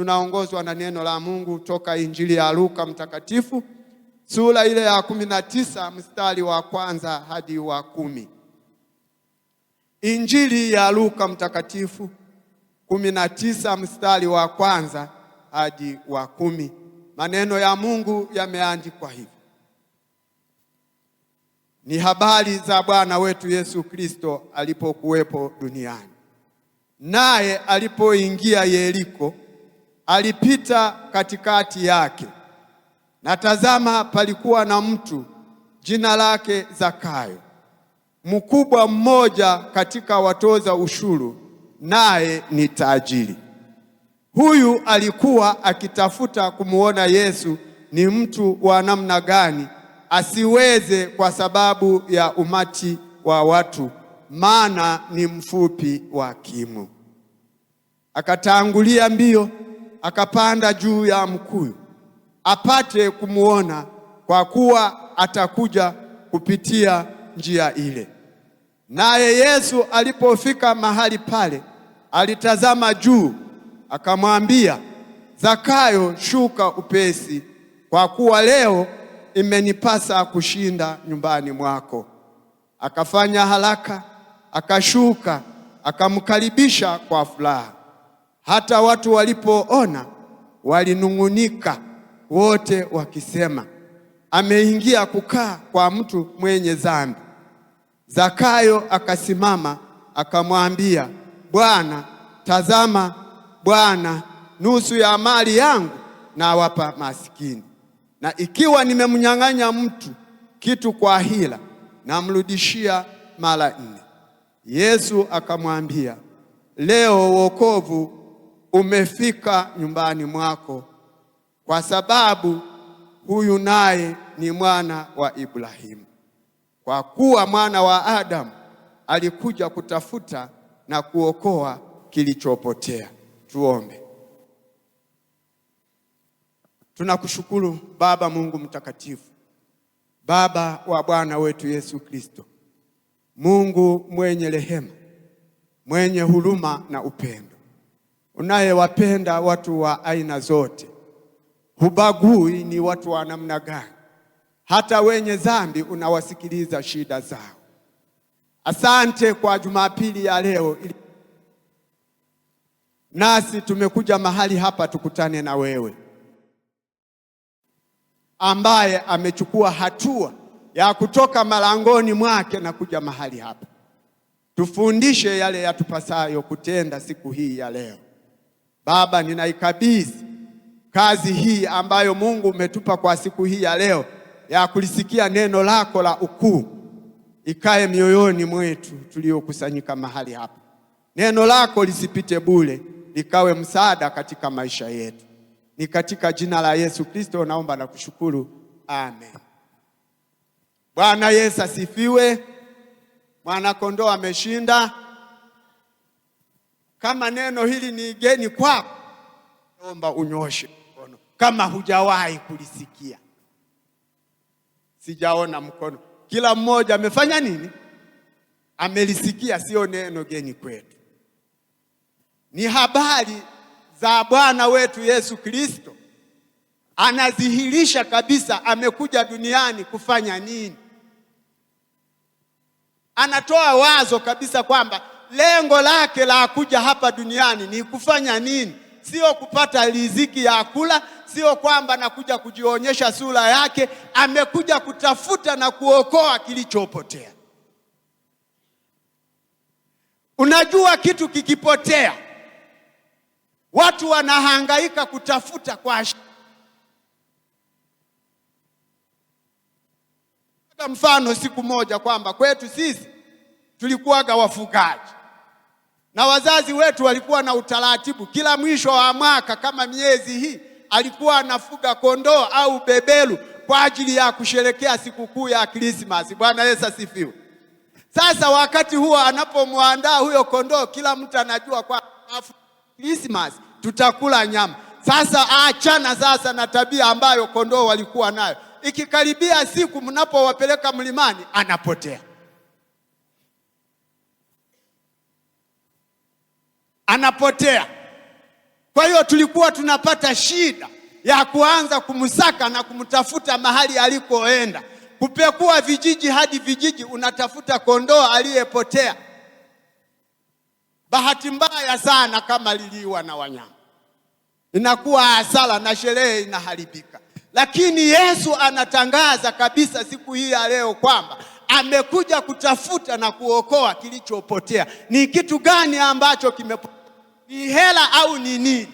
tunaongozwa na neno la Mungu toka Injili ya Luka mtakatifu sura ile ya kumi na tisa mstari wa kwanza hadi wa kumi. Injili ya Luka mtakatifu kumi na tisa mstari wa kwanza hadi wa kumi. Maneno ya Mungu yameandikwa hivi: ni habari za Bwana wetu Yesu Kristo alipokuwepo duniani, naye alipoingia Yeriko alipita katikati yake, na tazama, palikuwa na mtu jina lake Zakayo, mkubwa mmoja katika watoza ushuru, naye ni tajiri. Huyu alikuwa akitafuta kumwona Yesu ni mtu wa namna gani, asiweze kwa sababu ya umati wa watu, maana ni mfupi wa kimo. Akatangulia mbio akapanda juu ya mkuyu apate kumwona, kwa kuwa atakuja kupitia njia ile. Naye Yesu alipofika mahali pale, alitazama juu, akamwambia Zakayo, shuka upesi, kwa kuwa leo imenipasa kushinda nyumbani mwako. Akafanya haraka, akashuka, akamkaribisha kwa furaha. Hata watu walipoona walinung'unika wote wakisema, ameingia kukaa kwa mtu mwenye dhambi. Zakayo akasimama akamwambia, Bwana, tazama Bwana, nusu ya mali yangu nawapa masikini, na ikiwa nimemnyang'anya mtu kitu kwa hila, namrudishia mara nne. Yesu akamwambia, leo wokovu umefika nyumbani mwako, kwa sababu huyu naye ni mwana wa Ibrahimu, kwa kuwa mwana wa Adamu alikuja kutafuta na kuokoa kilichopotea. Tuombe. Tunakushukuru Baba Mungu mtakatifu, Baba wa Bwana wetu Yesu Kristo, Mungu mwenye rehema, mwenye huruma na upendo unayewapenda watu wa aina zote, hubagui ni watu wa namna gani. Hata wenye dhambi unawasikiliza shida zao. Asante kwa Jumapili ya leo, nasi tumekuja mahali hapa tukutane na wewe ambaye amechukua hatua ya kutoka malangoni mwake na kuja mahali hapa. Tufundishe yale yatupasayo kutenda siku hii ya leo. Baba, ninaikabidhi kazi hii ambayo Mungu umetupa kwa siku hii ya leo ya kulisikia neno lako la ukuu, ikae mioyoni mwetu tuliokusanyika mahali hapa. Neno lako lisipite bure, likawe msaada katika maisha yetu. Ni katika jina la Yesu Kristo naomba na kushukuru, amen. Bwana Yesu asifiwe. Mwanakondoo ameshinda. Kama neno hili ni geni kwako, naomba unyoshe mkono kama hujawahi kulisikia. Sijaona mkono. Kila mmoja amefanya nini? Amelisikia, sio neno geni kwetu, ni habari za Bwana wetu Yesu Kristo. Anadhihirisha kabisa amekuja duniani kufanya nini. Anatoa wazo kabisa kwamba lengo lake la kuja hapa duniani ni kufanya nini? Sio kupata riziki ya kula, sio kwamba nakuja kujionyesha sura yake. Amekuja kutafuta na kuokoa kilichopotea. Unajua, kitu kikipotea, watu wanahangaika kutafuta kwa mfano. Siku moja kwamba kwetu sisi tulikuwaga wafugaji na wazazi wetu walikuwa na utaratibu, kila mwisho wa mwaka kama miezi hii alikuwa anafuga kondoo au bebelu kwa ajili ya kusherekea sikukuu ya Krismasi. Bwana Yesu asifiwe. Sasa wakati huo anapomwandaa huyo kondoo, kila mtu anajua kwa Krismasi tutakula nyama. Sasa achana sasa na tabia ambayo kondoo walikuwa nayo, ikikaribia siku mnapowapeleka mlimani, anapotea. anapotea. Kwa hiyo tulikuwa tunapata shida ya kuanza kumsaka na kumtafuta mahali alikoenda, kupekua vijiji hadi vijiji, unatafuta kondoo aliyepotea. Bahati mbaya sana, kama liliwa na wanyama inakuwa hasara na sherehe inaharibika. Lakini Yesu anatangaza kabisa siku hii ya leo kwamba amekuja kutafuta na kuokoa kilichopotea. Ni kitu gani ambacho kimepotea? ni hela au ni nini?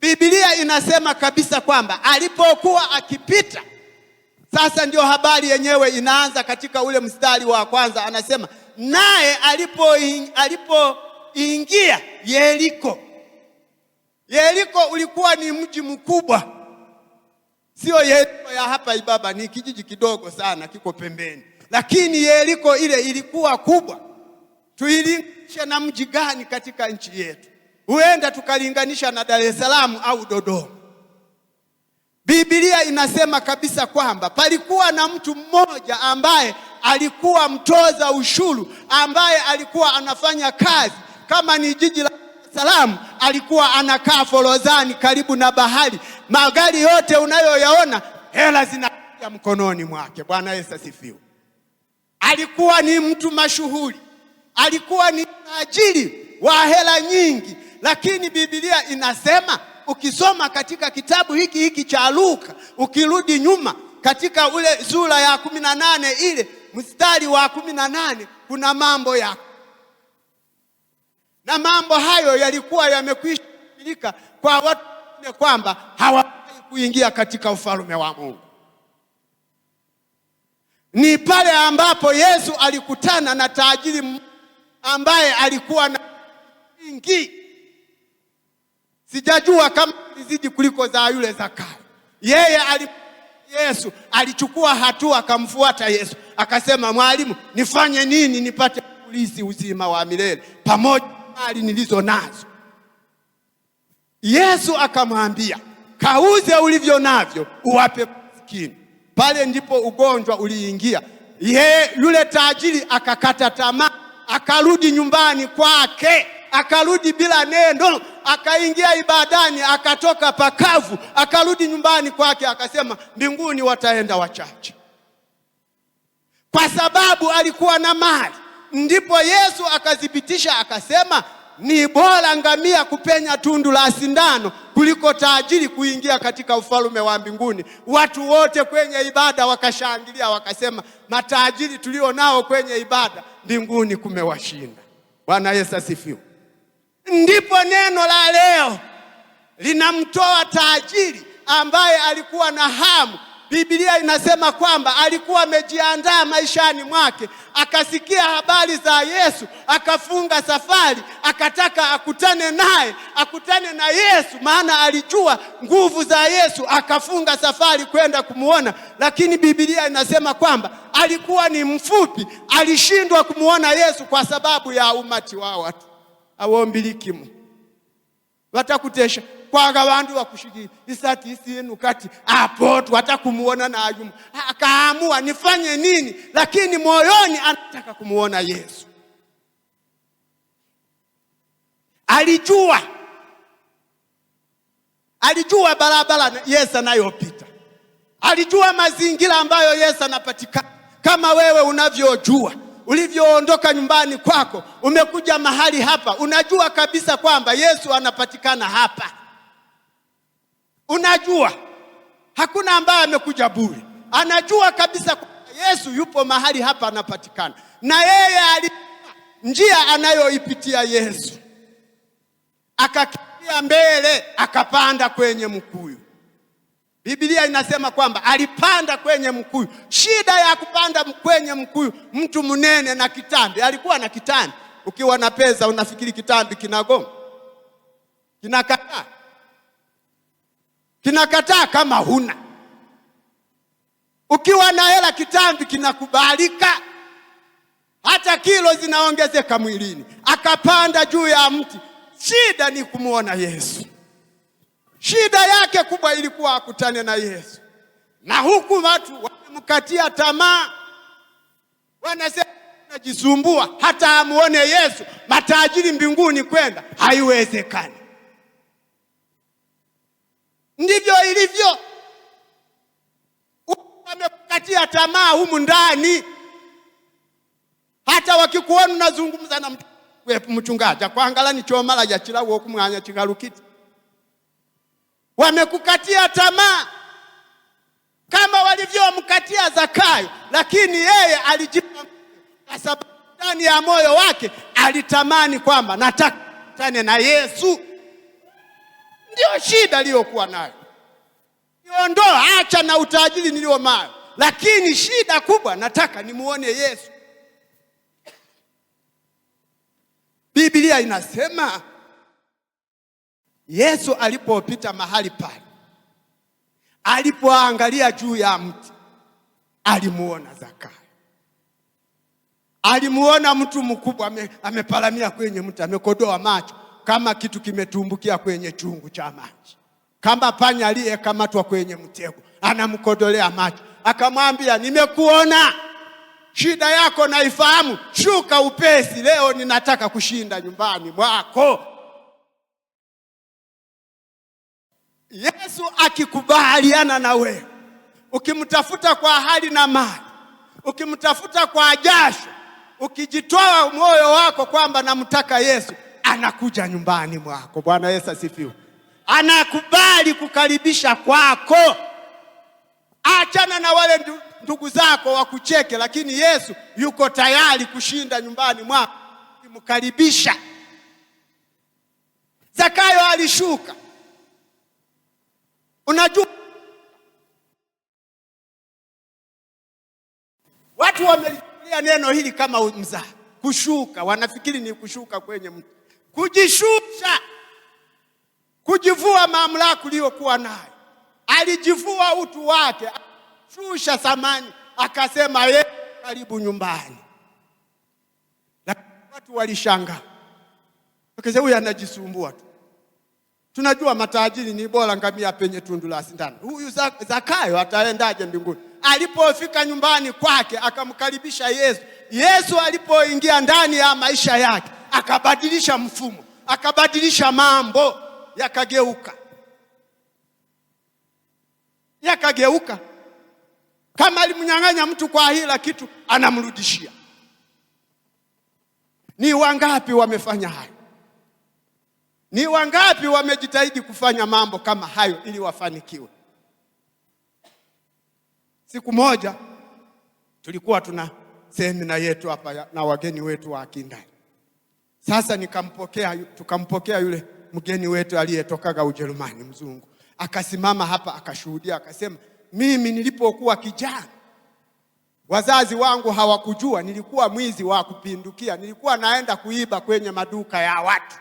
Biblia inasema kabisa kwamba alipokuwa akipita sasa ndio habari yenyewe inaanza katika ule mstari wa kwanza, anasema naye alipoingia alipo Yeriko. Yeriko ulikuwa ni mji mkubwa, sio Yeriko ya hapa Ibaba, ni kijiji kidogo sana kiko pembeni, lakini Yeriko ile ilikuwa kubwa tuilinganishe na mji gani katika nchi yetu? Huenda tukalinganisha na Dar es Salaam au Dodoma. Biblia inasema kabisa kwamba palikuwa na mtu mmoja ambaye alikuwa mtoza ushuru ambaye alikuwa anafanya kazi kama ni jiji la Salaam alikuwa anakaa Forodhani karibu na bahari. Magari yote unayoyaona hela zinakuja mkononi mwake. Bwana Yesu asifiwe. Alikuwa ni mtu mashuhuri, alikuwa ni ajili wa hela nyingi, lakini Biblia inasema ukisoma katika kitabu hiki hiki cha Luka ukirudi nyuma katika ule sura ya kumi na nane ile mstari wa kumi na nane kuna mambo ya na mambo hayo yalikuwa yamekwishika kwa watu wengine kwamba hawawezi kuingia katika ufalme wa Mungu. Ni pale ambapo Yesu alikutana na tajiri mmoja ambaye alikuwa na nyingi, sijajua kama zidi kuliko za yule Zakayo. Yeye ali Yesu alichukua hatua, akamfuata Yesu, akasema mwalimu, nifanye nini nipate kulisi uzima wa milele pamoja na mali nilizo nazo? Yesu akamwambia kauze ulivyo navyo uwape maskini. Pale ndipo ugonjwa uliingia. Yeye yule tajiri akakata tamaa akarudi nyumbani kwake, akarudi bila neno, akaingia ibadani, akatoka pakavu, akarudi nyumbani kwake, akasema mbinguni wataenda wachache, kwa sababu alikuwa na mali. Ndipo Yesu akathibitisha akasema, ni bora ngamia kupenya tundu la sindano kuliko tajiri kuingia katika ufalme wa mbinguni. Watu wote kwenye ibada wakashangilia, wakasema matajiri tulio nao kwenye ibada mbinguni kumewashinda. Bwana Yesu asifiwe. Ndipo neno la leo linamtoa tajiri ambaye alikuwa na hamu Biblia inasema kwamba alikuwa amejiandaa maishani mwake, akasikia habari za Yesu, akafunga safari, akataka akutane naye, akutane na Yesu, maana alijua nguvu za Yesu, akafunga safari kwenda kumwona. Lakini Biblia inasema kwamba alikuwa ni mfupi, alishindwa kumwona Yesu kwa sababu ya umati wa watu. Awaombilikimu watakutesha kwaga vandu vakushiki isati isienu kati apotu hata kumuona na ayuma akaamua nifanye nini, lakini moyoni anataka kumuona Yesu. Alijua, alijua barabara Yesu anayopita, alijua mazingira ambayo Yesu anapatikana, kama wewe unavyojua ulivyoondoka nyumbani kwako umekuja mahali hapa, unajua kabisa kwamba Yesu anapatikana hapa. Unajua hakuna ambaye amekuja bure, anajua kabisa Yesu yupo mahali hapa anapatikana, na yeye ali njia anayoipitia Yesu, akakimbia mbele, akapanda kwenye mkuyu. Biblia inasema kwamba alipanda kwenye mkuyu. Shida ya kupanda kwenye mkuyu, mtu mnene na kitambi, alikuwa na kitambi. Ukiwa na pesa unafikiri kitambi kinagoma, kinakataa kinakataa kama huna. Ukiwa na hela kitambi kinakubalika, hata kilo zinaongezeka mwilini. Akapanda juu ya mti, shida ni kumwona Yesu. Shida yake kubwa ilikuwa akutane na Yesu, na huku watu wamemkatia tamaa, wanasema najisumbua, hata amuone Yesu. Matajiri mbinguni kwenda haiwezekani. Ndivyo ilivyo, wamekukatia tamaa humu ndani. Hata wakikuona unazungumza na mchungaji akwangala nichomala yakirawo okumwanya kighalukiti, wamekukatia tamaa kama walivyomkatia Zakayo, lakini yeye alijipa kwa sababu ndani ya moyo wake alitamani kwamba nataka tane na Yesu. Ndiyo shida aliyokuwa nayo. Niondoa, acha na utajiri nilio nayo, lakini shida kubwa nataka nimuone Yesu. Biblia inasema Yesu alipopita mahali pale, alipoangalia juu ya mti, alimuona Zakayo, alimuona mtu mkubwa ame, ameparamia kwenye mti, amekodoa macho kama kitu kimetumbukia kwenye chungu cha maji, kama panya aliyekamatwa kwenye mtego, anamkodolea macho, akamwambia nimekuona, shida yako naifahamu, shuka upesi, leo ninataka kushinda nyumbani mwako. Yesu akikubaliana na wewe, ukimtafuta kwa hali na mali, ukimtafuta kwa jasho, ukijitoa moyo wako kwamba namtaka Yesu anakuja nyumbani mwako. Bwana Yesu asifiwe. Anakubali kukaribisha kwako. Achana na wale ndugu zako wakucheke, lakini Yesu yuko tayari kushinda nyumbani mwako kimkaribisha. Zakayo alishuka, unajua watu wamelichukulia neno hili kama mzaha. Kushuka wanafikiri ni kushuka kwenye mtu kujishusha, kujivua mamlaka uliyokuwa nayo. Alijivua utu wake, shusha thamani, akasema ye karibu nyumbani. Lakini watu walishangaa, akasema huyu anajisumbua tu. Tunajua matajiri ni bora ngamia penye tundu la sindano. Huyu Zakayo ataendaje mbinguni? Alipofika nyumbani kwake akamkaribisha Yesu. Yesu alipoingia ndani ya maisha yake akabadilisha mfumo, akabadilisha mambo, yakageuka yakageuka. Kama alimnyang'anya mtu kwa hila kitu, anamrudishia. Ni wangapi wamefanya hayo? Ni wangapi wamejitahidi kufanya mambo kama hayo ili wafanikiwe? Siku moja tulikuwa tuna semina yetu hapa na wageni wetu wa Kindai. Sasa nikampokea, tukampokea yule mgeni wetu aliyetokaga Ujerumani, mzungu akasimama hapa akashuhudia, akasema mimi nilipokuwa kijana wazazi wangu hawakujua, nilikuwa mwizi wa kupindukia, nilikuwa naenda kuiba kwenye maduka ya watu,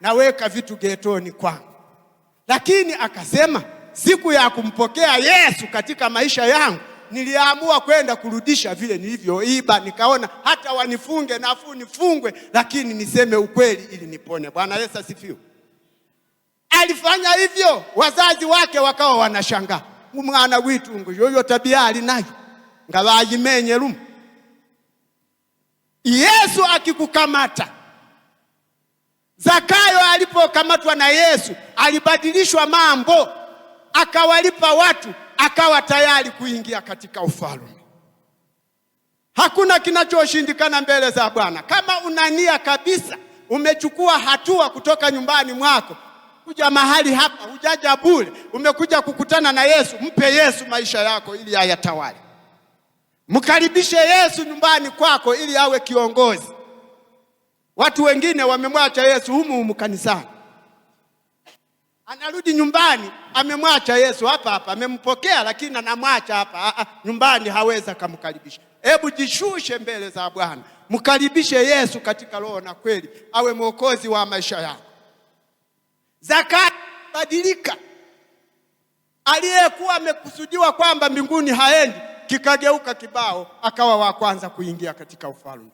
naweka vitu getoni kwangu. Lakini akasema siku ya kumpokea Yesu katika maisha yangu niliamua kwenda kurudisha vile nilivyoiba, nikaona hata wanifunge nafuu nifungwe, lakini niseme ukweli ili nipone. Bwana Yesu asifiwe. Alifanya hivyo, wazazi wake wakawa wanashangaa, mwana witu ngo yoyo tabia alinayo ngavayimenye lumu. Yesu akikukamata Zakayo alipokamatwa na Yesu alibadilishwa mambo, akawalipa watu akawa tayari kuingia katika ufalme. Hakuna kinachoshindikana mbele za Bwana. Kama unania kabisa, umechukua hatua kutoka nyumbani mwako kuja mahali hapa, hujaja bure, umekuja kukutana na Yesu. Mpe Yesu maisha yako ili ayatawale. Mkaribishe Yesu nyumbani kwako ili awe kiongozi. Watu wengine wamemwacha Yesu humu humu kanisani. Anarudi nyumbani amemwacha Yesu hapa hapa, amempokea lakini anamwacha hapa ah, ah, nyumbani, hawezi akamkaribisha. Hebu jishushe mbele za Bwana, mkaribishe Yesu katika roho na kweli, awe mwokozi wa maisha yako. Zaka badilika, aliyekuwa amekusudiwa kwamba mbinguni haendi, kikageuka kibao, akawa wa kwanza kuingia katika ufalme.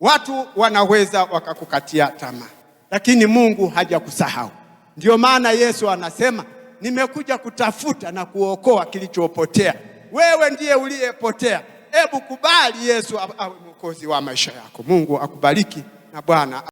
Watu wanaweza wakakukatia tamaa lakini Mungu hajakusahau. ndio maana Yesu anasema nimekuja kutafuta na kuokoa kilichopotea. Wewe ndiye uliyepotea, hebu kubali Yesu awe mwokozi wa maisha yako. Mungu akubariki na Bwana